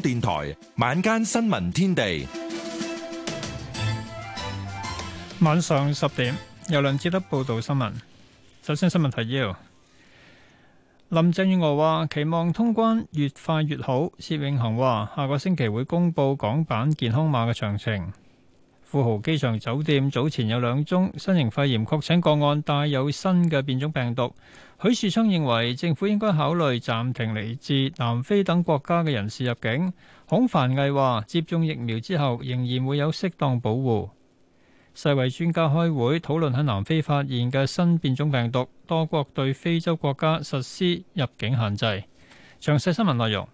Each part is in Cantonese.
電台晚間新聞天地，晚上十點，由梁志德報道新聞。首先，新聞提要：林鄭月娥話期望通關越快越好。薛永恒話下個星期會公布港版健康碼嘅詳情。富豪機場酒店早前有兩宗新型肺炎確診個案，帶有新嘅變種病毒。許樹昌認為政府應該考慮暫停嚟自南非等國家嘅人士入境。孔繁毅話接種疫苗之後仍然會有適當保護。世衛專家開會討論喺南非發現嘅新變種病毒，多國對非洲國家實施入境限制。詳細新聞內容，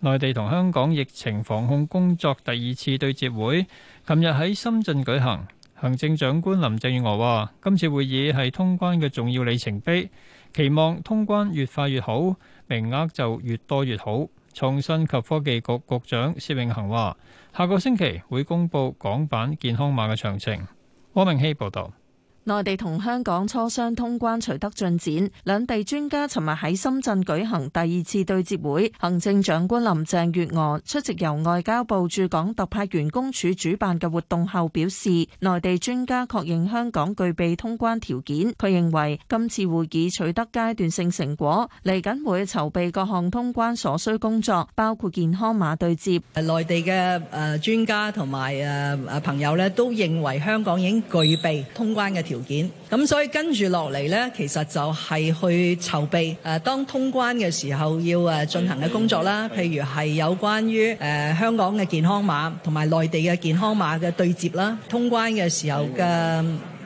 內地同香港疫情防控工作第二次對接會，琴日喺深圳舉行。行政長官林鄭月娥話，今次會議係通關嘅重要里程碑。期望通關越快越好，名額就越多越好。創新及科技局局長薛永恒話：下個星期會公布港版健康碼嘅詳情。汪明希報導。內地同香港磋商通關取得進展，兩地專家尋日喺深圳舉行第二次對接會。行政長官林鄭月娥出席由外交部駐港特派員公署主辦嘅活動後表示，內地專家確認香港具備通關條件。佢認為今次會議取得階段性成果，嚟緊會籌備各項通關所需工作，包括健康碼對接。內地嘅專家同埋朋友呢都認為香港已經具備通關嘅條件。條件咁，所以跟住落嚟呢，其實就係去籌備當通關嘅時候要誒進行嘅工作啦。譬如係有關於香港嘅健康碼同埋內地嘅健康碼嘅對接啦，通關嘅時候嘅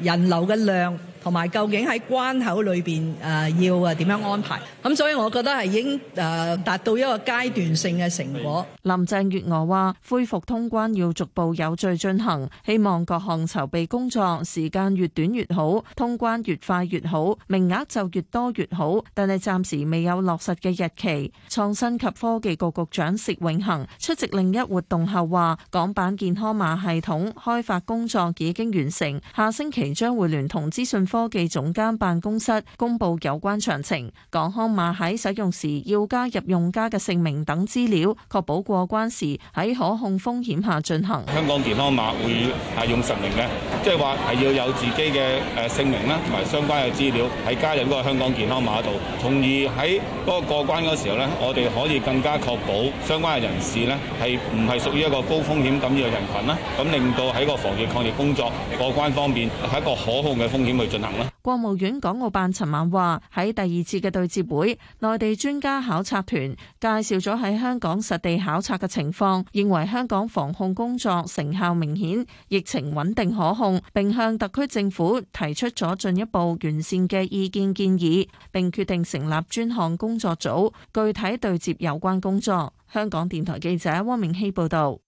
人流嘅量。同埋究竟喺關口裏邊誒要誒點樣安排？咁所以我覺得係已經誒達到一個階段性嘅成果。林鄭月娥話恢復通關要逐步有序進行，希望各項籌備工作時間越短越好，通關越快越好，名額就越多越好。但係暫時未有落實嘅日期。創新及科技局局長薛永恆出席另一活動後話港版健康碼系統開發工作已經完成，下星期將會聯同資訊。科技總監辦公室公布有關詳情。港康碼喺使用時要加入用家嘅姓名等資料，確保過關時喺可控風險下進行。香港健康碼會係用實名嘅，即係話係要有自己嘅誒姓名啦，同埋相關嘅資料係加入個香港健康碼度，從而喺嗰個過關嗰時候咧，我哋可以更加確保相關嘅人士咧係唔係屬於一個高風險咁樣嘅人群啦，咁令到喺個防疫抗疫工作過關方面係一個可控嘅風險去進。國務院港澳辦尋晚話：喺第二次嘅對接會，內地專家考察團介紹咗喺香港實地考察嘅情況，認為香港防控工作成效明顯，疫情穩定可控，並向特區政府提出咗進一步完善嘅意見建議，並決定成立專項工作組，具體對接有關工作。香港電台記者汪明熙報導。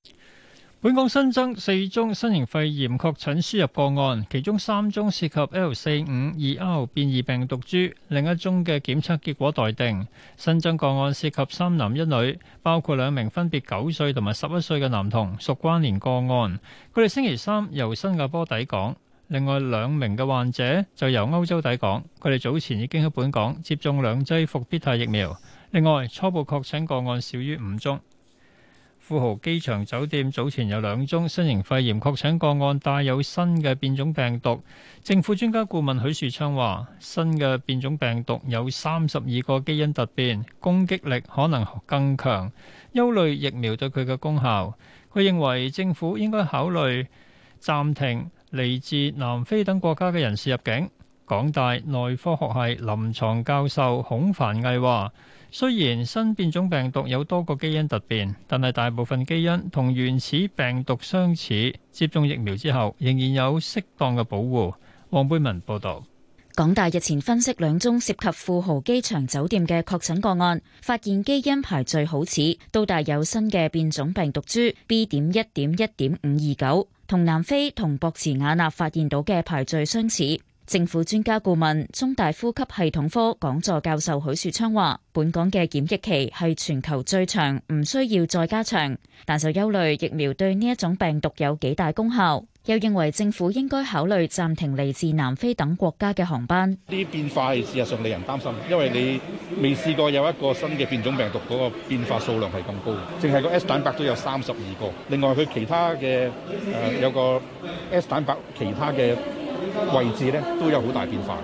本港新增四宗新型肺炎確診輸入個案，其中三宗涉及 L 四五二 R 變異病毒株，另一宗嘅檢測結果待定。新增個案涉及三男一女，包括兩名分別九歲同埋十一歲嘅男童，屬關聯個案。佢哋星期三由新加坡抵港，另外兩名嘅患者，就由歐洲抵港。佢哋早前已經喺本港接種兩劑復必泰疫苗。另外，初步確診個案少於五宗。富豪機場酒店早前有兩宗新型肺炎確診個案，帶有新嘅變種病毒。政府專家顧問許樹昌話：新嘅變種病毒有三十二個基因突變，攻擊力可能更強，憂慮疫苗對佢嘅功效。佢認為政府應該考慮暫停嚟自南非等國家嘅人士入境。港大內科學系臨牀教授孔凡毅話。雖然新變種病毒有多個基因突變，但係大部分基因同原始病毒相似。接種疫苗之後，仍然有適當嘅保護。黃貝文報導。港大日前分析兩宗涉及富豪機場酒店嘅確診個案，發現基因排序好似都帶有新嘅變種病毒株 B. 點一點一點五二九，同南非同博茨瓦納發現到嘅排序相似。政府專家顧問、中大呼吸系統科講座教授許樹昌話，本港嘅檢疫期係全球最長，唔需要再加長，但就憂慮疫苗對呢一種病毒有幾大功效。又認為政府應該考慮暫停嚟自南非等國家嘅航班。呢啲變化係事實上令人擔心，因為你未試過有一個新嘅變種病毒嗰個變化數量係咁高，淨係個 S 蛋白都有三十二個。另外佢其他嘅，誒，有個 S 蛋白其他嘅。位置咧都有好大變化，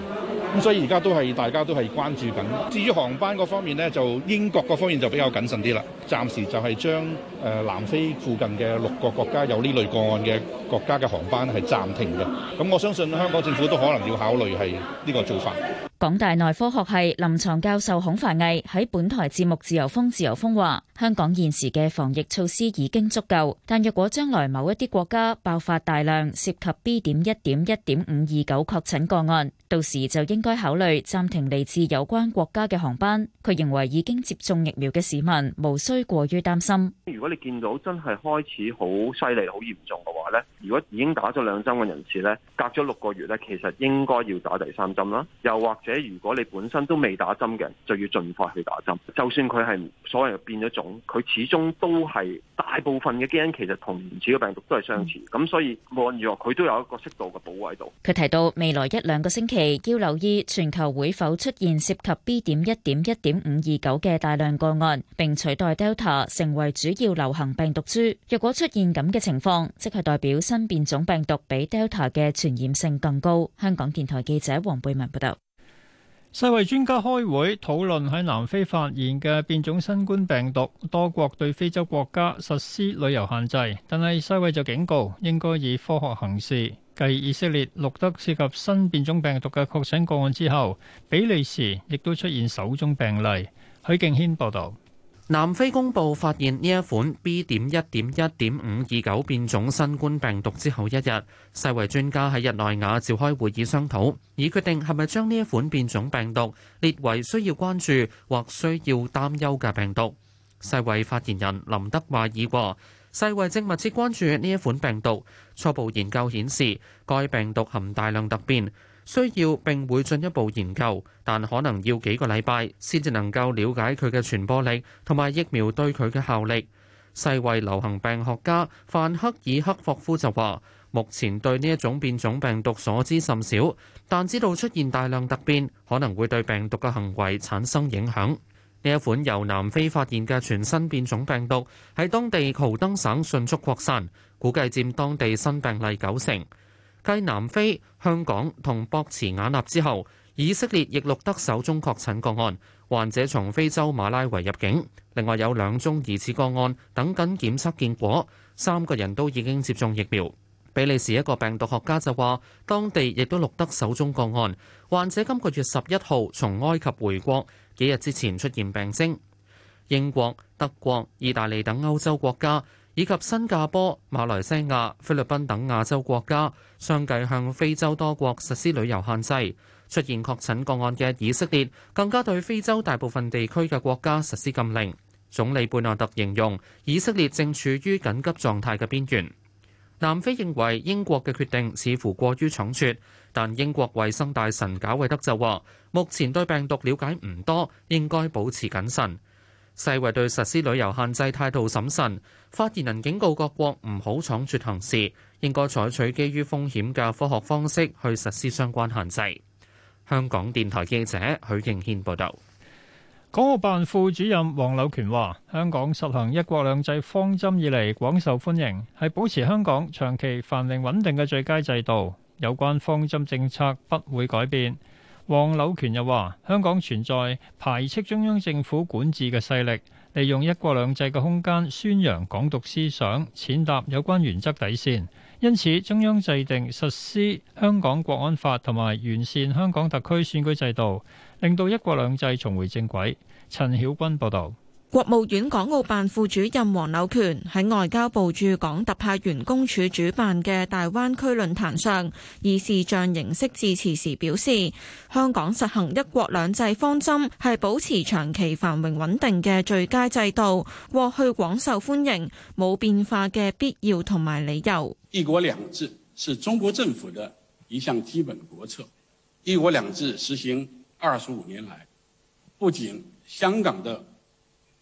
咁所以而家都係大家都係關注緊。至於航班嗰方面咧，就英國嗰方面就比較謹慎啲啦，暫時就係將。誒南非附近嘅六個國家有呢類個案嘅國家嘅航班係暫停嘅，咁我相信香港政府都可能要考慮係呢個做法。港大內科學系臨牀教授孔繁毅喺本台節目《自由風自由風》話：香港現時嘅防疫措施已經足夠，但若果將來某一啲國家爆發大量涉及 B 點一點一點五二九確診個案，到時就應該考慮暫停嚟自有關國家嘅航班。佢認為已經接種疫苗嘅市民無需過於擔心。如果你見到真係開始好犀利、好嚴重嘅話呢，如果已經打咗兩針嘅人士，呢隔咗六個月呢，其實應該要打第三針啦。又或者如果你本身都未打針嘅，就要盡快去打針。就算佢係所謂變咗種，佢始終都係大部分嘅基因其實同原始嘅病毒都係相似，咁所以按預約佢都有一個適度嘅保護喺度。佢提到未來一兩個星期要留意全球會否出現涉及 B 點一點一點五二九嘅大量個案，並取代 Delta 成為主要流行病毒株，若果出現咁嘅情況，即係代表新變種病毒比 Delta 嘅傳染性更高。香港電台記者黃貝文報道。世衞專家開會討論喺南非發現嘅變種新冠病毒，多國對非洲國家實施旅遊限制，但係世衞就警告應該以科學行事。繼以色列錄得涉及新變種病毒嘅確診個案之後，比利時亦都出現首宗病例。許敬軒報道。南非公布發現呢一款 B. 點一點一點五二九變種新冠病毒之後一日，世衛專家喺日內瓦召開會議商討，以決定係咪將呢一款變種病毒列為需要關注或需要擔憂嘅病毒。世衛發言人林德邁爾話：世衛正密切關注呢一款病毒，初步研究顯示該病毒含大量突變。需要並會進一步研究，但可能要幾個禮拜先至能夠了解佢嘅傳播力同埋疫苗對佢嘅效力。世衛流行病學家范克爾克霍夫就話，目前對呢一種變種病毒所知甚少，但知道出現大量突變可能會對病毒嘅行為產生影響。呢一款由南非發現嘅全新變種病毒喺當地豪登省迅速擴散，估計佔當地新病例九成。繼南非、香港同博茨瓦納之後，以色列亦錄得首宗確診個案，患者從非洲馬拉維入境。另外有兩宗疑似個案等緊檢測結果，三個人都已經接種疫苗。比利時一個病毒學家就話，當地亦都錄得首宗個案，患者今個月十一號從埃及回國，幾日之前出現病徵。英國、德國、意大利等歐洲國家。以及新加坡、馬來西亞、菲律賓等亞洲國家，相繼向非洲多國實施旅遊限制。出現確診個案嘅以色列，更加對非洲大部分地區嘅國家實施禁令。總理貝納特形容以色列正處於緊急狀態嘅邊緣。南非認為英國嘅決定似乎過於倉促，但英國衛生大臣賈維德就話目前對病毒了解唔多，應該保持謹慎。世衛對實施旅遊限制態度審慎。發言人警告各國唔好倉卒行事，應該採取基於風險嘅科學方式去實施相關限制。香港電台記者許敬軒報導。港澳辦副主任黃柳權話：香港實行一國兩制方針以嚟廣受歡迎，係保持香港長期繁榮穩定嘅最佳制度。有關方針政策不會改變。黃柳權又話：香港存在排斥中央政府管治嘅勢力。利用一國兩制嘅空間宣揚港獨思想，踐踏有關原則底線。因此，中央制定實施香港國安法同埋完善香港特區選舉制度，令到一國兩制重回正軌。陳曉君報導。國務院港澳辦副主任黃柳權喺外交部駐港特派員公署主辦嘅大灣區論壇上，以視像形式致辭時表示：香港實行一國兩制方針係保持長期繁榮穩定嘅最佳制度，過去廣受歡迎，冇變化嘅必要同埋理由。一國兩制是中國政府嘅一項基本國策。一國兩制實行二十五年來，不僅香港嘅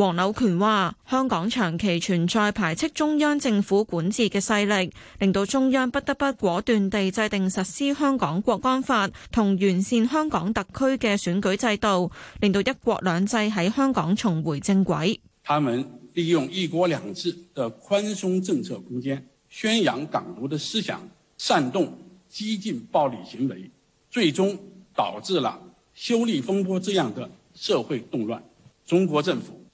黃柳權話：香港長期存在排斥中央政府管治嘅勢力，令到中央不得不果斷地制定實施《香港國安法》，同完善香港特區嘅選舉制度，令到一國兩制喺香港重回正軌。他們利用一國兩制的寬鬆政策空間，宣揚港獨的思想，煽動激進暴力行為，最終導致了修例風波這樣的社會動亂。中國政府。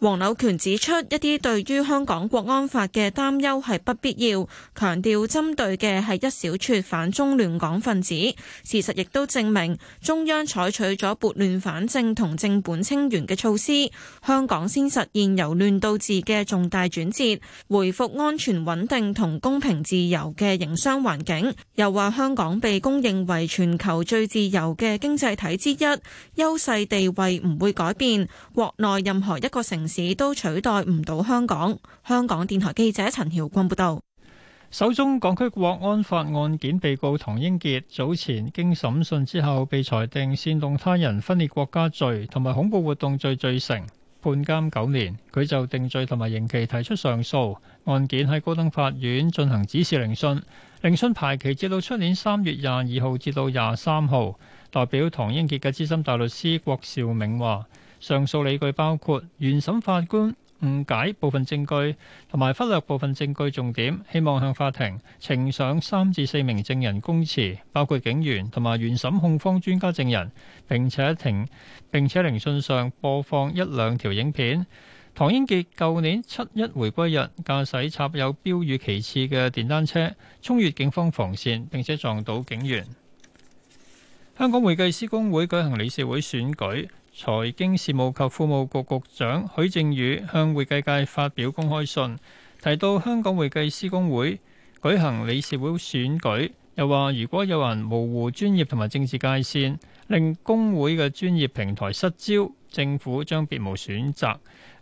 黃柳權指出，一啲對於香港國安法嘅擔憂係不必要，強調針對嘅係一小撮反中亂港分子。事實亦都證明，中央採取咗撥亂反正同正本清源嘅措施，香港先實現由亂到治嘅重大轉折，回復安全穩定同公平自由嘅營商環境。又話香港被公認為全球最自由嘅經濟體之一，優勢地位唔會改變。國內任何一個城市都取代唔到香港。香港電台記者陳曉君報道，首宗港區國安法案件被告唐英傑早前經審訊之後，被裁定煽動他人分裂國家罪同埋恐怖活動罪罪成，判監九年。佢就定罪同埋刑期提出上訴。案件喺高等法院進行指示聆訊，聆訊排期至到出年三月廿二號至到廿三號。代表唐英杰嘅資深大律師郭兆銘話。上訴理據包括原審法官誤解部分證據，同埋忽略部分證據重點。希望向法庭呈上三至四名證人供詞，包括警員同埋原審控方專家證人。並且停並且聆訊上播放一兩條影片。唐英傑舊年七一回歸日駕駛插有標語旗幟嘅電單車，衝越警方防線，並且撞到警員。香港會計師公會舉行理事會選舉。財經事務及庫務局局，局長許正宇向會計界發表公開信，提到香港會計師工會舉行理事會選舉，又話如果有人模糊專業同埋政治界線，令工會嘅專業平台失焦，政府將別無選擇，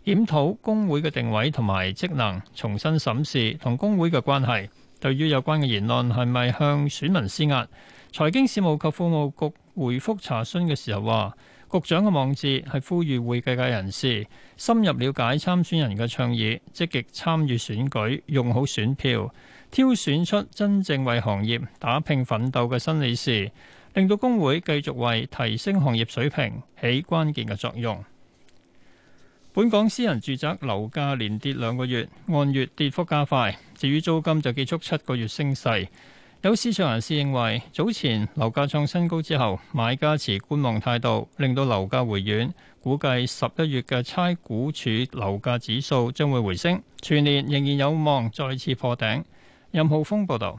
檢討工會嘅定位同埋職能，重新審視同工會嘅關係。對於有關嘅言論係咪向選民施壓，財經事務及庫務局回覆查詢嘅時候話。局長嘅網誌係呼籲會計界人士深入了解參選人嘅倡議，積極參與選舉，用好選票，挑選出真正為行業打拼奮鬥嘅新理事，令到公會繼續為提升行業水平起關鍵嘅作用。本港私人住宅樓價連跌兩個月，按月跌幅加快，至於租金就結束七個月升勢。有市場人士認為，早前樓價創新高之後，買家持觀望態度，令到樓價回軟。估計十一月嘅差估署樓價指數將會回升，全年仍然有望再次破頂。任浩峰報導。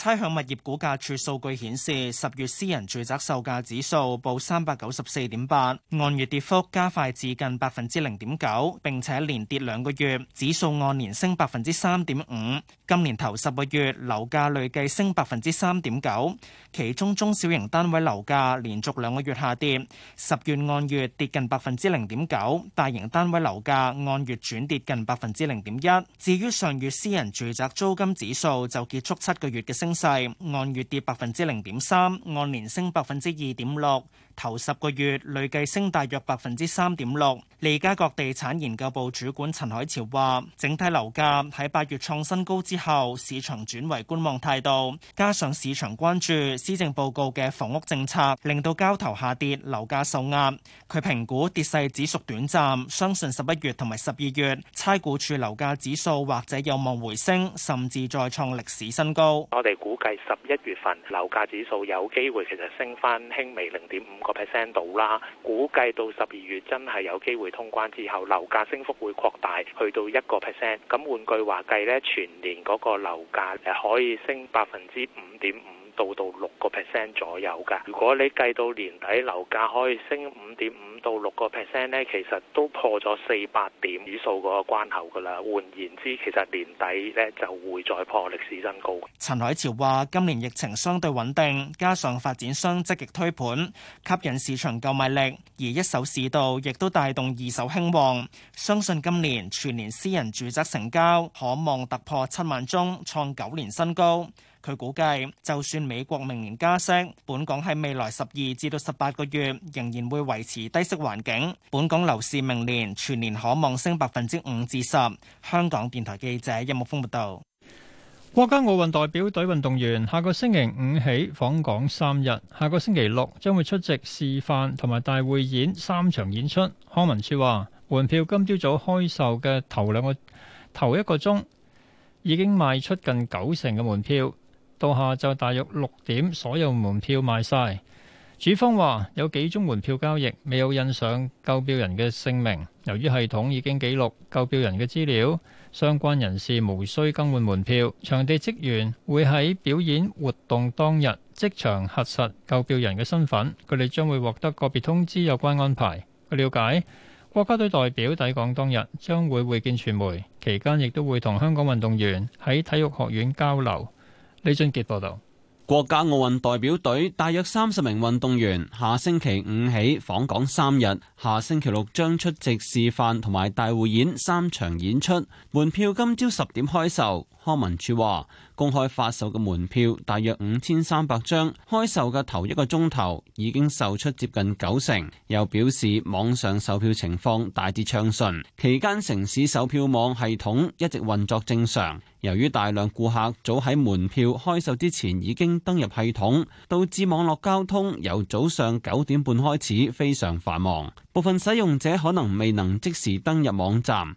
差餉物業估價署數據顯示，十月私人住宅售價指數報三百九十四點八，按月跌幅加快至近百分之零點九，並且連跌兩個月。指數按年升百分之三點五，今年頭十個月樓價累計升百分之三點九。其中中小型單位樓價連續兩個月下跌，十月按月跌近百分之零點九；大型單位樓價按月轉跌近百分之零點一。至於上月私人住宅租金指數就結束七個月嘅升。升勢，按月跌百分之零點三，按年升百分之二點六。頭十個月累計升大約百分之三點六。利嘉閣地產研究部主管陳海潮話：，整體樓價喺八月創新高之後，市場轉為觀望態度，加上市場關注施政報告嘅房屋政策，令到交投下跌，樓價受壓。佢評估跌勢只屬短暫，相信十一月同埋十二月差估署樓價指數或者有望回升，甚至再創歷史新高。我哋估計十一月份樓價指數有機會其實升返輕微零點五。個 percent 到啦，估計到十二月真係有機會通關之後，樓價升幅會擴大，去到一個 percent。咁換句話計咧，全年嗰個樓價係可以升百分之五點五。到到六個 percent 左右㗎。如果你計到年底樓價可以升五點五到六個 percent 咧，其實都破咗四百點指數個關口㗎啦。換言之，其實年底咧就會再破歷史新高。陳海潮話：今年疫情相對穩定，加上發展商積極推盤，吸引市場購買力，而一手市道亦都帶動二手興旺。相信今年全年私人住宅成交可望突破七萬宗，創九年新高。佢估計，就算美國明年加息，本港喺未來十二至到十八個月仍然會維持低息環境。本港樓市明年全年可望升百分之五至十。香港電台記者任木風報道。國家奧運代表隊運動員下個星期五起訪港三日，下個星期六將會出席示範同埋大會演三場演出。康文署話，門票今朝早早開售嘅頭兩個頭一個鐘已經賣出近九成嘅門票。到下晝大約六點，所有門票賣晒。主方話有幾宗門票交易未有印上購票人嘅姓名，由於系統已經記錄購票人嘅資料，相關人士無需更換門票。場地職員會喺表演活動當日即場核實購票人嘅身份，佢哋將會獲得個別通知有關安排。據了解，國家隊代表抵港當日將會會見傳媒，期間亦都會同香港運動員喺體育學院交流。李俊傑報道：國家奧運代表隊大約三十名運動員下星期五起訪港三日，下星期六將出席示範同埋大匯演三場演出，門票今朝十點開售。康文署話。公開發售嘅門票大約五千三百張，開售嘅頭一個鐘頭已經售出接近九成。又表示網上售票情況大致暢順，期間城市售票網系統一直運作正常。由於大量顧客早喺門票開售之前已經登入系統，導致網絡交通由早上九點半開始非常繁忙，部分使用者可能未能即時登入網站。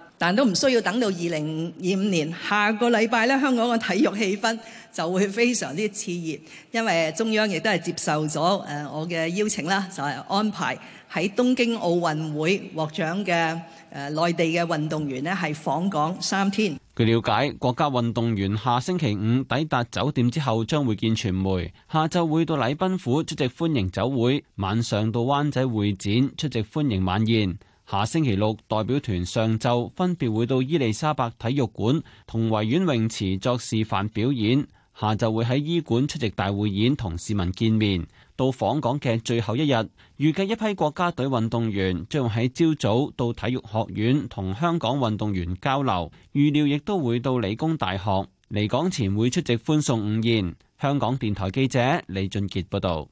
但都唔需要等到二零二五年，下個禮拜咧，香港嘅體育氣氛就會非常之熾熱，因為中央亦都係接受咗誒我嘅邀請啦，就係安排喺東京奧運會獲獎嘅誒內地嘅運動員咧，係訪港三天。據了解，國家運動員下星期五抵達酒店之後，將會見傳媒，下晝會到禮賓府出席歡迎酒會，晚上到灣仔會展出席歡迎晚宴。下星期六，代表團上晝分別會到伊利沙伯體育館同維園泳池作示範表演，下晝會喺醫館出席大會演同市民見面。到訪港嘅最後一日，預計一批國家隊運動員將喺朝早到體育學院同香港運動員交流，預料亦都會到理工大學，離港前會出席歡送午宴。香港電台記者李俊杰報道。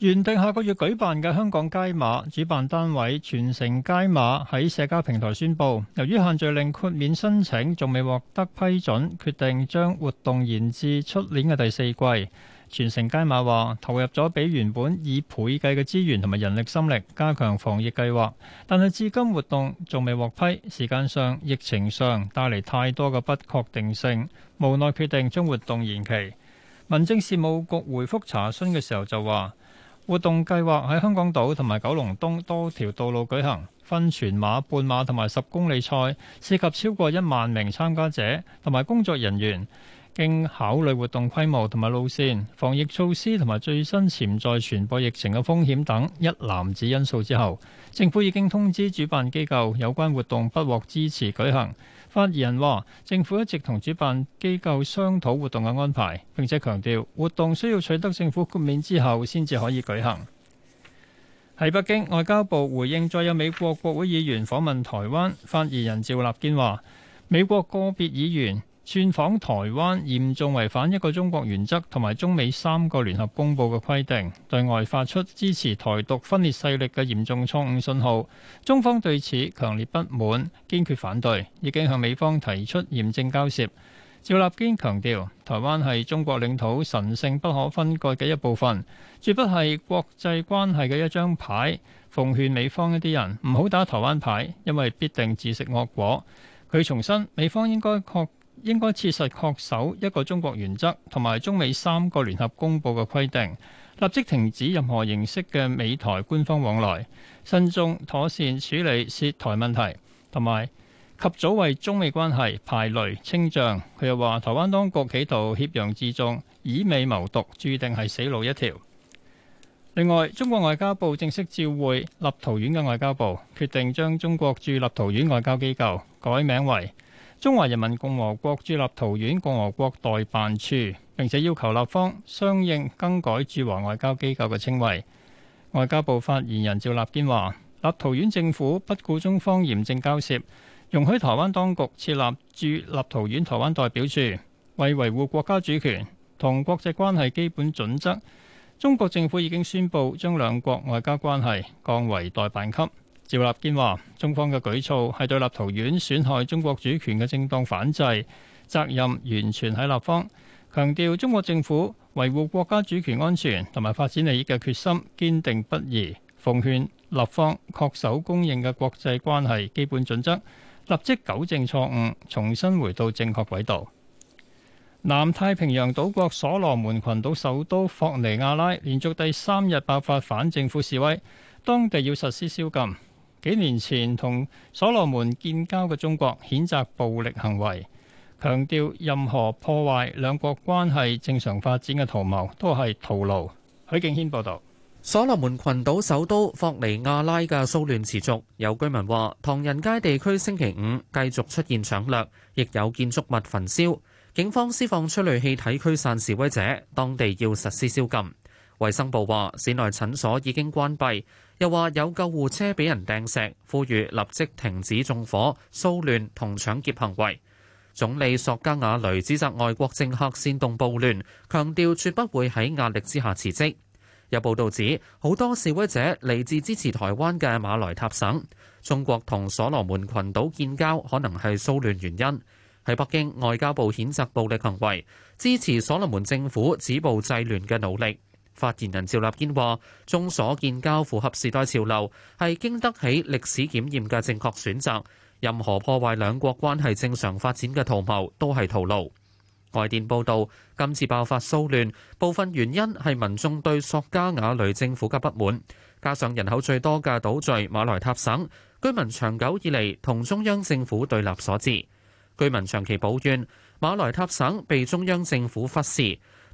原定下個月舉辦嘅香港街馬，主辦單位全城街馬喺社交平台宣布，由於限聚令豁免申請仲未獲得批准，決定將活動延至出年嘅第四季。全城街馬話投入咗比原本以倍計嘅資源同埋人力心力，加強防疫計劃，但係至今活動仲未獲批，時間上、疫情上帶嚟太多嘅不確定性，無奈決定將活動延期。民政事務局回覆查詢嘅時候就話：活動計劃喺香港島同埋九龍東多條道路舉行，分全馬、半馬同埋十公里賽，涉及超過一萬名參加者同埋工作人員。經考慮活動規模同埋路線、防疫措施同埋最新潛在傳播疫情嘅風險等一籃子因素之後，政府已經通知主辦機構有關活動不獲支持舉行。發言人話：政府一直同主辦機構商討活動嘅安排，並且強調活動需要取得政府豁免之後，先至可以舉行。喺北京，外交部回應再有美國國會議員訪問台灣。發言人趙立堅話：美國個別議員。串訪台灣嚴重違反一個中國原則同埋中美三個聯合公布嘅規定，對外發出支持台獨分裂勢力嘅嚴重錯誤信號，中方對此強烈不滿堅決反對，已經向美方提出嚴正交涉。趙立堅強調台灣係中國領土，神聖不可分割嘅一部分，絕不係國際關係嘅一張牌。奉勸美方一啲人唔好打台灣牌，因為必定自食惡果。佢重申，美方應該確保。應該切實確守一個中國原則同埋中美三個聯合公佈嘅規定，立即停止任何形式嘅美台官方往來，慎重妥善處理涉台問題，同埋及，及早為中美關係排雷清障。佢又話：台灣當局企圖挾洋自重，以美謀獨，注定係死路一條。另外，中國外交部正式召會立陶宛嘅外交部，決定將中國駐立陶宛外交機構改名為。中華人民共和國駐立陶宛共和國代辦處，並且要求立方相應更改駐華外交機構嘅稱謂。外交部發言人趙立堅話，立陶宛政府不顧中方嚴正交涉，容許台灣當局設立駐立立陶宛台灣代表處，為維護國家主權同國際關係基本準則，中國政府已經宣布將兩國外交關係降為代辦級。趙立堅話，中方嘅舉措係對立陶宛損害中國主權嘅正當反制，責任完全喺立方。強調中國政府維護國家主權安全同埋發展利益嘅決心堅定不移。奉勸立方恪守公認嘅國際關係基本準則，立即糾正錯誤，重新回到正確軌道。南太平洋島國所羅門群島首都霍尼亞拉連續第三日爆發反政府示威，當地要實施宵禁。幾年前同所羅門建交嘅中國，譴責暴力行為，強調任何破壞兩國關係正常發展嘅圖謀都係徒勞。許敬軒報導，所羅門群島首都霍尼亞拉嘅騷亂持續，有居民話，唐人街地區星期五繼續出現搶掠，亦有建築物焚燒，警方施放催淚氣體驅散示威者，當地要實施宵禁。衛生部話，市內診所已經關閉。又話有救護車俾人掟石，呼籲立即停止縱火、騷亂同搶劫行為。總理索加瓦雷指責外國政客煽動暴亂，強調絕不會喺壓力之下辭職。有報道指，好多示威者嚟自支持台灣嘅馬來塔省。中國同所羅門群島建交，可能係騷亂原因。喺北京，外交部譴責暴力行為，支持所羅門政府止暴制亂嘅努力。發言人趙立堅話：中所建交符合時代潮流，係經得起歷史檢驗嘅正確選擇。任何破壞兩國關係正常發展嘅圖謀都係徒勞。外電報道，今次爆發騷亂，部分原因係民眾對索加瓦雷政府嘅不滿，加上人口最多嘅島嶼馬來塔省居民長久以嚟同中央政府對立所致。居民長期抱怨，馬來塔省被中央政府忽視。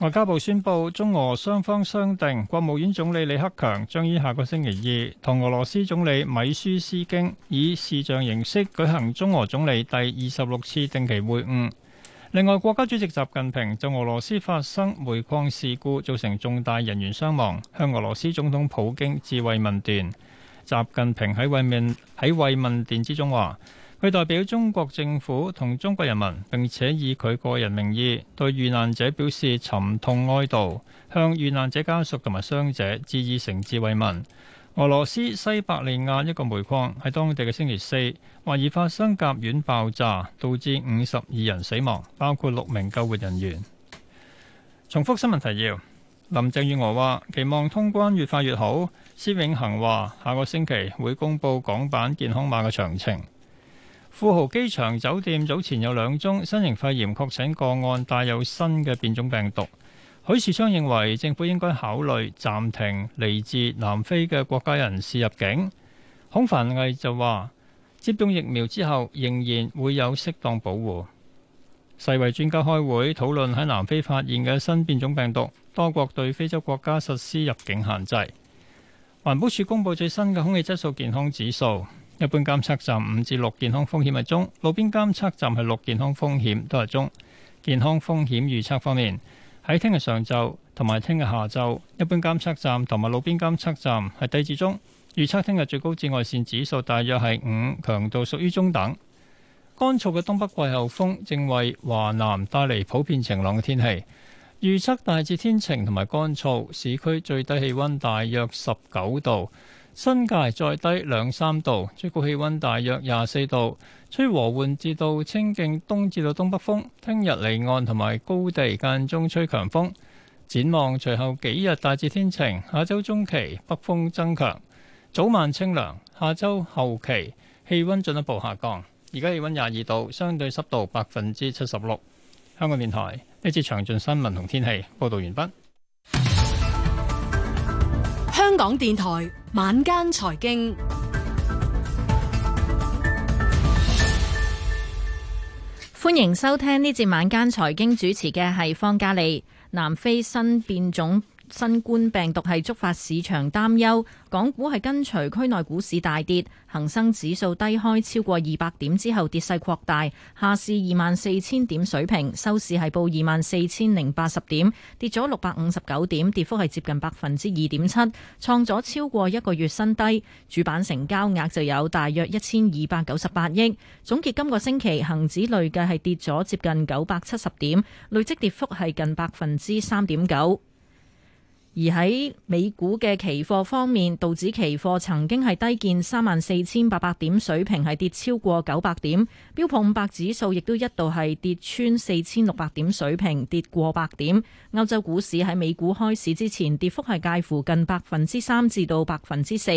外交部宣布，中俄雙方商定，國務院總理李克強將於下個星期二同俄羅斯總理米舒斯京以視像形式舉行中俄總理第二十六次定期會晤。另外，國家主席習近平就俄羅斯發生煤礦事故造成重大人員傷亡，向俄羅斯總統普京致慰問電。習近平喺慰問喺慰問電之中話：佢代表中國政府同中國人民，並且以佢個人名義對遇難者表示沉痛哀悼，向遇難者家屬同埋傷者致以誠摯慰問。俄羅斯西伯利亞一個煤礦喺當地嘅星期四，懷疑發生甲烷爆炸，導致五十二人死亡，包括六名救援人員。重複新聞提要：林鄭月娥話期望通關越快越好。薛永恆話下個星期會公布港版健康碼嘅詳情。富豪機場酒店早前有兩宗新型肺炎確診個案帶有新嘅變種病毒。許樹昌認為政府應該考慮暫停嚟自南非嘅國家人士入境。孔繁毅就話，接種疫苗之後仍然會有適當保護。世衛專家開會討論喺南非發現嘅新變種病毒，多國對非洲國家實施入境限制。環保署公布最新嘅空氣質素健康指數。一般監測站五至六健康風險係中，路邊監測站係六健康風險都係中。健康風險預測方面，喺聽日上晝同埋聽日下晝，一般監測站同埋路邊監測站係低至中。預測聽日最高紫外綫指數大約係五，強度屬於中等。乾燥嘅東北季候風正為華南帶嚟普遍晴朗嘅天氣。預測大致天晴同埋乾燥，市區最低氣溫大約十九度。新界再低兩三度，最高氣溫大約廿四度，吹和緩至到清勁東至到東北風，聽日離岸同埋高地間中吹強風。展望隨後幾日大致天晴，下周中期北風增強，早晚清涼，下周後期氣溫進一步下降。而家氣溫廿二度，相對濕度百分之七十六。香港電台呢節詳盡新聞同天氣報道完畢。港電台晚間財經，歡迎收聽呢節晚間財經，主持嘅係方嘉莉。南非新變種新冠病毒係觸發市場擔憂，港股係跟隨區內股市大跌，恒生指數低開超過二百點之後跌勢擴大，下市二萬四千點水平，收市係報二萬四千零八十點，跌咗六百五十九點，跌幅係接近百分之二點七，創咗超過一個月新低。主板成交額就有大約一千二百九十八億。總結今個星期，恒指累計係跌咗接近九百七十點，累積跌幅係近百分之三點九。而喺美股嘅期貨方面，道指期貨曾經係低見三萬四千八百點水平，係跌超過九百點；標普五百指數亦都一度係跌穿四千六百點水平，跌過百點。歐洲股市喺美股開市之前，跌幅係介乎近百分之三至到百分之四。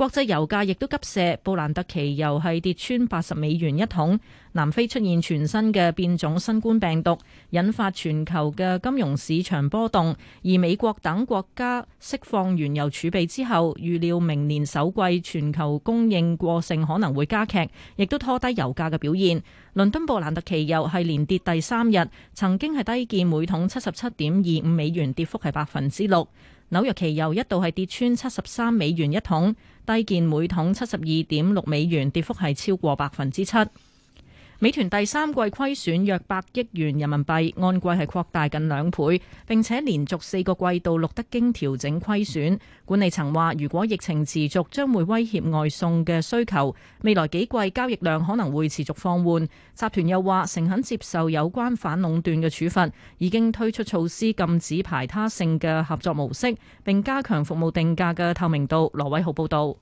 國際油價亦都急瀉，布蘭特期油係跌穿八十美元一桶。南非出現全新嘅變種新冠病毒，引發全球嘅金融市場波動。而美國等國家釋放原油儲備之後，預料明年首季全球供應過剩可能會加劇，亦都拖低油價嘅表現。倫敦布蘭特期油係連跌第三日，曾經係低見每桶七十七點二五美元，跌幅係百分之六。紐約期油一度係跌穿七十三美元一桶，低見每桶七十二點六美元，跌幅係超過百分之七。美團第三季虧損約百億元人民幣，按季係擴大近兩倍，並且連續四個季度錄得經調整虧損。管理層話：如果疫情持續，將會威脅外送嘅需求，未來幾季交易量可能會持續放緩。集團又話：誠懇接受有關反壟斷嘅處罰，已經推出措施禁止排他性嘅合作模式，並加強服務定價嘅透明度。羅偉豪報導。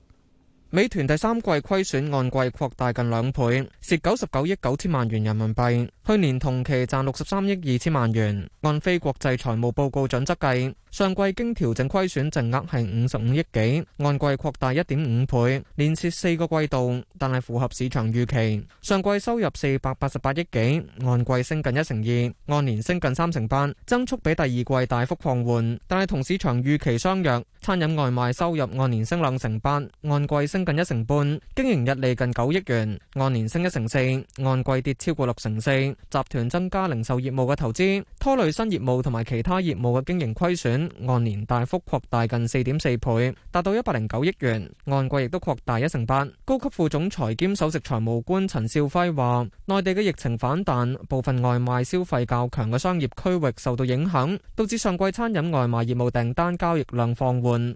美團第三季虧損按季擴大近兩倍，蝕九十九億九千萬元人民幣。去年同期賺六十三億二千萬元，按非國際財務報告準則計，上季經調整虧損淨額係五十五億幾，按季擴大一點五倍，連蝕四個季度，但係符合市場預期。上季收入四百八十八億幾，按季升近一成二，按年升近三成八，增速比第二季大幅放緩，但係同市場預期相若。餐飲外賣收入按年升兩成八，按季升近一成半，經營溢利近九億元，按年升一成四，按季跌超過六成四。集團增加零售業務嘅投資，拖累新業務同埋其他業務嘅經營虧損，按年大幅擴大近四點四倍，達到一百零九億元，按季亦都擴大一成八。高級副總裁兼首席財務官陳少輝話，內地嘅疫情反彈，部分外賣消費較強嘅商業區域受到影響，導致上季餐飲外賣業務訂單交易量放緩。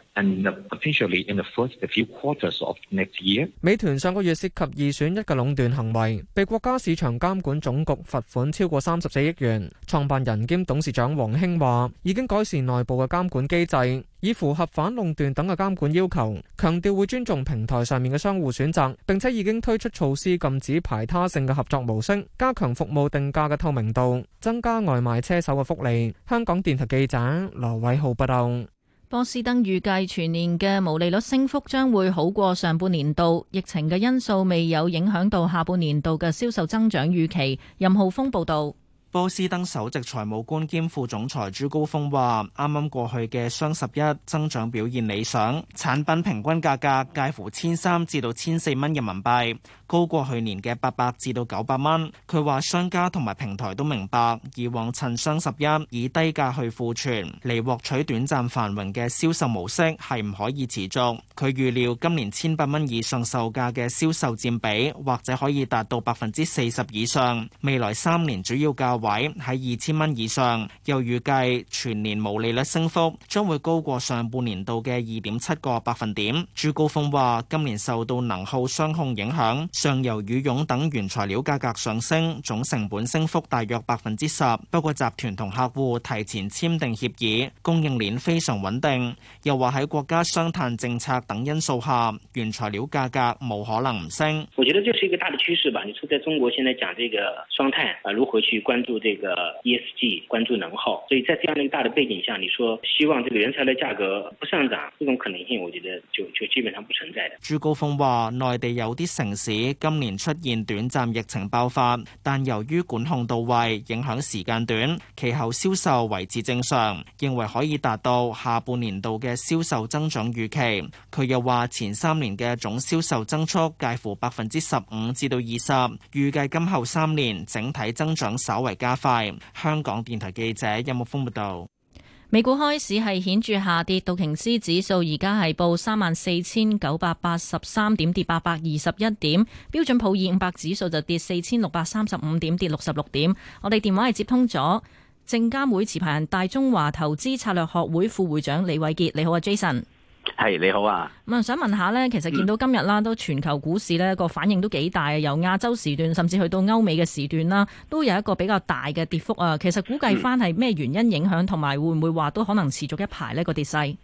美團上個月涉及二選一嘅壟斷行為，被國家市場監管總局罰款超過三十四億元。創辦人兼董事長王興話：已經改善內部嘅監管機制，以符合反壟斷等嘅監管要求。強調會尊重平台上面嘅商戶選擇，並且已經推出措施禁止排他性嘅合作模式，加強服務定價嘅透明度，增加外賣車手嘅福利。香港電台記者羅偉浩報導。波士登，預計全年嘅毛利率升幅將會好過上半年度，疫情嘅因素未有影響到下半年度嘅銷售增長預期。任浩峰報道。波斯登首席財務官兼副總裁朱高峰話：啱啱過去嘅雙十一增長表現理想，產品平均價格介乎千三至到千四蚊人民幣，高過去年嘅八百至到九百蚊。佢話商家同埋平台都明白，以往趁雙十一以低價去庫存嚟獲取短暫繁榮嘅銷售模式係唔可以持續。佢預料今年千八蚊以上售價嘅銷售佔比，或者可以達到百分之四十以上。未來三年主要靠位喺二千蚊以上，又預計全年毛利率升幅將會高過上半年度嘅二點七個百分點。朱高峰話：今年受到能耗雙控影響，上游羽絨等原材料價格上升，總成本升幅大約百分之十。不過集團同客戶提前簽訂協議，供應鏈非常穩定。又話喺國家雙碳政策等因素下，原材料價格冇可能唔升。我覺得這是一個大的趨勢吧。你說在中國現在講這個雙碳啊，如何去關注？注，這個 ESG 關注能耗，所以在這樣大的背景下，你說希望這個原材料價格不上漲這種可能性，我覺得就就基本上不存在的。朱高峰話，內地有啲城市今年出現短暫疫情爆發，但由於管控到位，影響時間短，其後銷售維持正常，認為可以達到下半年度嘅銷售增長預期。佢又話，前三年嘅總銷售增速介乎百分之十五至到二十，預計今後三年整體增長稍為加快。香港電台記者任木峰報道，美股開市係顯著下跌，道瓊斯指數而家係報三萬四千九百八十三點，跌八百二十一點；標準普爾五百指數就跌四千六百三十五點，跌六十六點。我哋電話係接通咗，證監會持牌人大中華投資策略學會副會長李偉杰，你好啊，Jason。係你好啊，咁啊、嗯、想問一下呢，其實見到今日啦，都全球股市呢個反應都幾大啊，由亞洲時段甚至去到歐美嘅時段啦，都有一個比較大嘅跌幅啊。其實估計翻係咩原因影響，同埋會唔會話都可能持續一排呢個跌勢？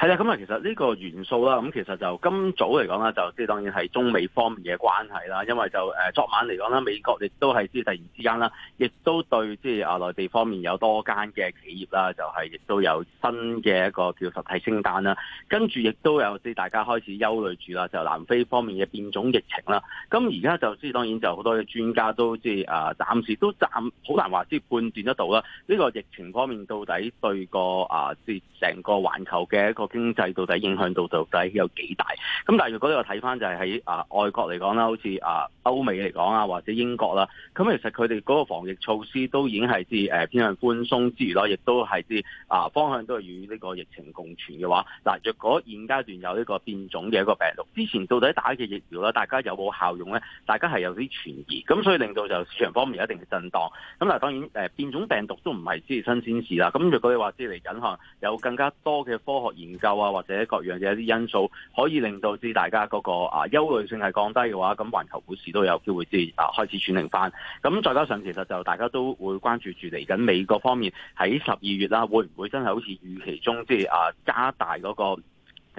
係啦，咁啊，其實呢個元素啦，咁其實就今早嚟講啦，就即係當然係中美方面嘅關係啦，因為就誒昨晚嚟講啦，美國亦都係即係突然之間啦，亦都對即係啊內地方面有多間嘅企業啦，就係、是、亦都有新嘅一個叫實體清單啦，跟住亦都有即大家開始憂慮住啦，就南非方面嘅變種疫情啦，咁而家就即係當然就好多嘅專家都即係啊暫時都暫好難話，即係判斷得到啦，呢、這個疫情方面到底對個啊即係成個環球嘅一個。經濟到底影響到到底有幾大？咁但係如果你話睇翻就係喺啊外國嚟講啦，好似啊歐美嚟講啊，或者英國啦，咁其實佢哋嗰個防疫措施都已經係啲誒偏向寬鬆之餘咯，亦都係啲啊方向都係與呢個疫情共存嘅話，嗱若果現階段有呢個變種嘅一個病毒，之前到底打嘅疫苗啦大家有冇效用咧？大家係有啲存疑，咁所以令到就市場方面有一定嘅震盪。咁嗱當然誒變種病毒都唔係即係新鮮事啦。咁若果你話即係嚟緊嚇有更加多嘅科學研夠啊，或者各樣嘅一啲因素，可以令到至大家嗰個啊憂慮性係降低嘅話，咁環球股市都有機會即係啊開始轉型翻。咁再加上其實就大家都會關注住嚟緊美國方面喺十二月啦，啊，會唔會真係好似預期中即係啊加大嗰個？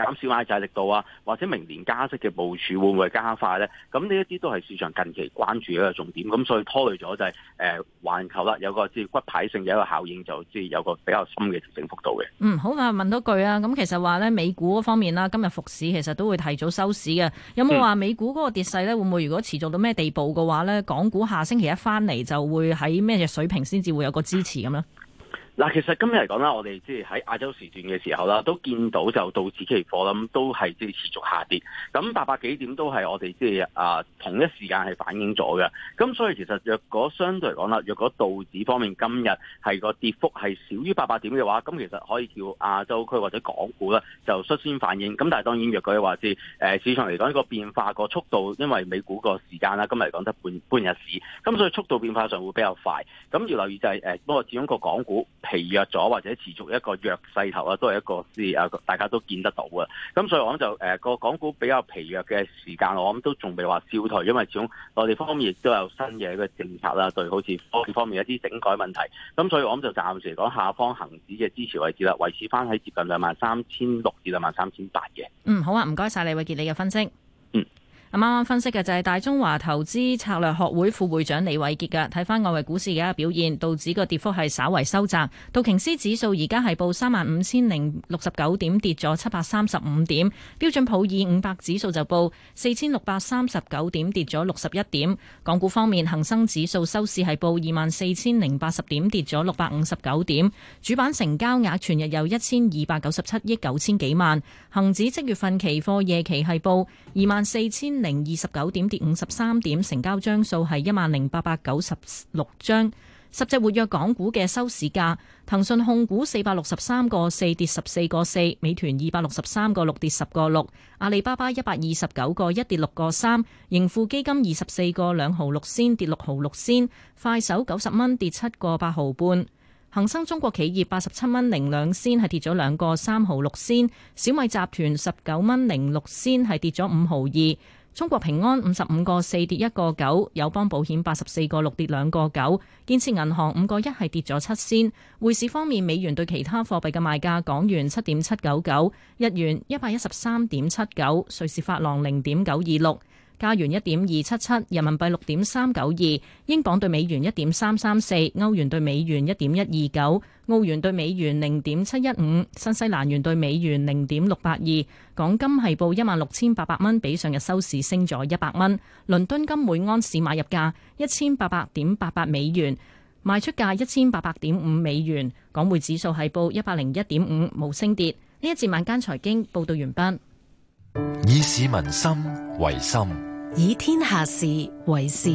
減少買債力度啊，或者明年加息嘅部署會唔會加快咧？咁呢一啲都係市場近期關注嘅一個重點，咁所以拖累咗就係、是、誒、呃、環球啦，有個即係骨牌性嘅一個效應，就即係有個比較深嘅調整幅度嘅。嗯，好啊，問多句啊，咁其實話咧美股嗰方面啦，今日復市其實都會提早收市嘅。有冇話美股嗰個跌勢咧，會唔會如果持續到咩地步嘅話咧，港股下星期一翻嚟就會喺咩水平先至會有個支持咁咧？嗯嗱，其實今日嚟講啦，我哋即係喺亞洲時段嘅時候啦，都見到就道指期貨咁都係即係持續下跌，咁八百幾點都係我哋即係啊同一時間係反映咗嘅。咁所以其實若果相對嚟講啦，若果道指方面今日係個跌幅係少於八百點嘅話，咁其實可以叫亞洲區或者港股啦，就率先反映。咁但係當然若果話是誒市場嚟講呢個變化個速度，因為美股個時間啦，今日嚟講得半半日市，咁所以速度變化上會比較快。咁要留意就係誒，不過始終個港股。疲弱咗或者持續一個弱勢頭啦，都係一個啲啊，大家都見得到嘅。咁所以我諗就誒個、呃、港股比較疲弱嘅時間，我諗都仲未話消退，因為始終內地方面亦都有新嘅嘅政策啦，對好似科技方面一啲整改問題。咁所以我諗就暫時嚟講下方行市嘅支持位置啦，維持翻喺接近兩萬三千六至兩萬三千八嘅。嗯，好啊，唔該晒，李偉傑你嘅分析。啱啱分析嘅就係大中華投資策略學會副會長李偉傑嘅，睇返外圍股市而家嘅表現，道指個跌幅係稍為收窄，道瓊斯指數而家係報三萬五千零六十九點，跌咗七百三十五點；標準普爾五百指數就報四千六百三十九點，跌咗六十一點。港股方面，恒生指數收市係報二萬四千零八十點，跌咗六百五十九點。主板成交額全日有一千二百九十七億九千幾萬，恒指即月份期貨夜期係報二萬四千。零二十九點跌五十三點，成交張數係一萬零八百九十六張。十隻活躍港股嘅收市價，騰訊控股四百六十三個四跌十四個四，美團二百六十三個六跌十個六，阿里巴巴一百二十九個一跌六個三，盈富基金二十四個兩毫六仙跌六毫六仙，快手九十蚊跌七個八毫半，恒生中國企業八十七蚊零兩仙係跌咗兩個三毫六仙，小米集團十九蚊零六仙係跌咗五毫二。中國平安五十五個四跌一個九，友邦保險八十四個六跌兩個九，建設銀行五個一係跌咗七仙。匯市方面，美元對其他貨幣嘅賣價：港元七點七九九，日元一百一十三點七九，瑞士法郎零點九二六。加元一點二七七，7，人民幣六點三九二，英鎊兌美元一點三三四，歐元兌美元一點一二九，澳元兌美元零點七一五，新西蘭元兌美元零點六八二。港金係報一萬六千八百蚊，比上日收市升咗一百蚊。倫敦金每安士買入價一千八百點八八美元，賣出價一千八百點五美元。港匯指數係報一百零一點五，冇升跌。呢一節晚間財經報道完畢。以市民心為心。以天下事為事。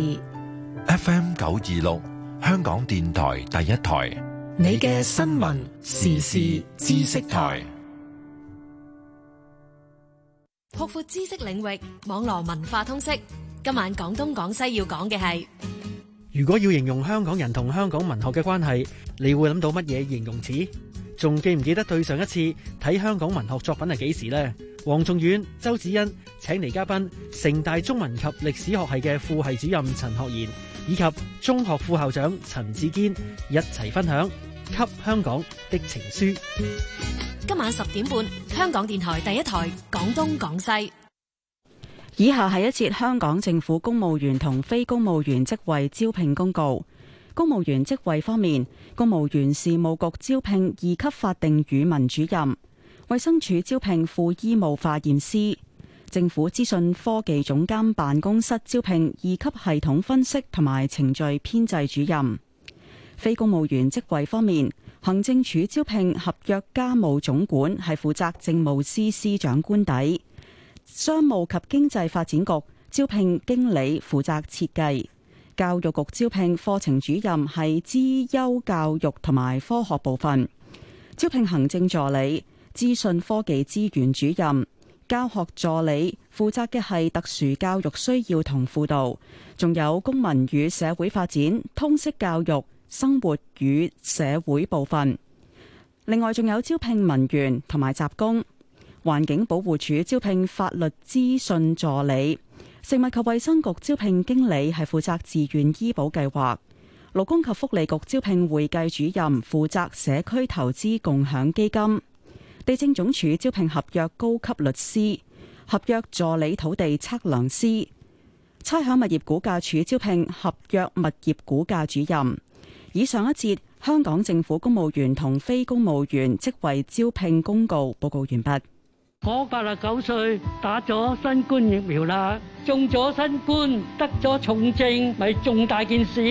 FM 九二六，香港電台第一台，你嘅新聞時事知識台，擴闊知識領域，網絡文化通識。今晚講東講西要講嘅係，如果要形容香港人同香港文學嘅關係，你會諗到乜嘢形容詞？仲記唔記得對上一次睇香港文學作品係幾時呢？王仲遠、周子欣請嚟嘉賓，城大中文及歷史學系嘅副系主任陳學賢以及中學副校長陳志堅一齊分享《給香港的情書》。今晚十點半，香港電臺第一臺，廣東廣西。以下係一節香港政府公務員同非公務員職位招聘公告。公務員職位方面，公務員事務局招聘二級法定語文主任；衛生署招聘副醫務化驗師；政府資訊科技總監辦公室招聘二級系統分析同埋程序編製主任。非公務員職位方面，行政署招聘合約家務總管，係負責政務司司長官邸；商務及經濟發展局招聘經理負責設計，負責設計。教育局招聘課程主任係資優教育同埋科學部分，招聘行政助理、資訊科技資源主任、教學助理，負責嘅係特殊教育需要同輔導，仲有公民與社會發展、通識教育、生活與社會部分。另外，仲有招聘文員同埋雜工。環境保護署招聘法律資訊助理。食物及衛生局招聘經理係負責自願醫保計劃；勞工及福利局招聘會計主任負責社區投資共享基金；地政總署招聘合約高級律師、合約助理土地測量師；差餉物業估價署招聘合約物業估價主任。以上一節香港政府公務員同非公務員職位招聘公告報告完畢。我八十九歲，打咗新冠疫苗啦，中咗新冠，得咗重症，咪重大件事。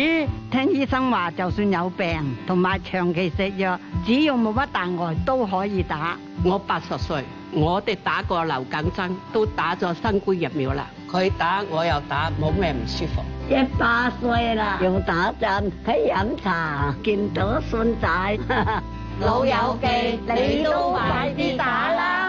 聽醫生話，就算有病同埋長期食藥，只要冇乜大礙都可以打。我八十歲，我哋打過流感針，都打咗新冠疫苗啦。佢打，我又打，冇咩唔舒服。一百歲啦，又打針，喺飲茶，見到孫仔。老友記，你都快啲打啦！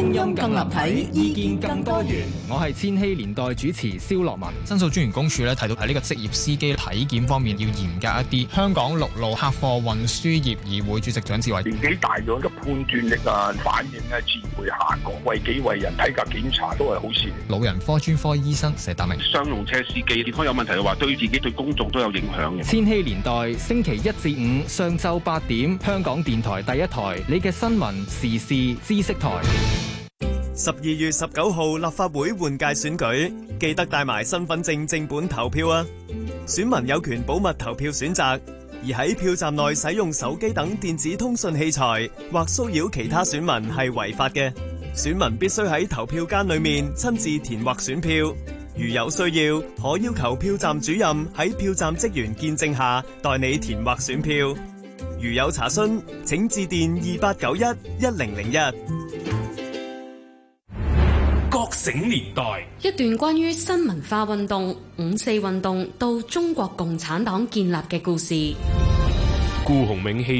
聲音更立體，意見更多元。我係千禧年代主持蕭樂文。申訴專員公署咧提到喺呢個職業司機體檢方面要嚴格一啲。香港陸路客貨運輸業議會主席蔣志偉：年紀大咗，嘅判斷力啊、反應啊，自然會下降。為己為人，體格檢查都係好事。老人科專科醫生石達明：商用車司機健康有問題嘅話，對自己對公眾都有影響嘅。千禧年代星期一至五上晝八點，香港電台第一台，你嘅新聞時事知識台。十二月十九號立法會換屆選舉，記得帶埋身份證正本投票啊！選民有權保密投票選擇，而喺票站內使用手機等電子通訊器材，或騷擾其他選民係違法嘅。選民必須喺投票間裏面親自填劃選票，如有需要，可要求票站主任喺票站職員見證下代你填劃選票。如有查詢，請致電二八九一一零零一。整年代一段關於新文化運動、五四運動到中國共產黨建立嘅故事。顧鴻銘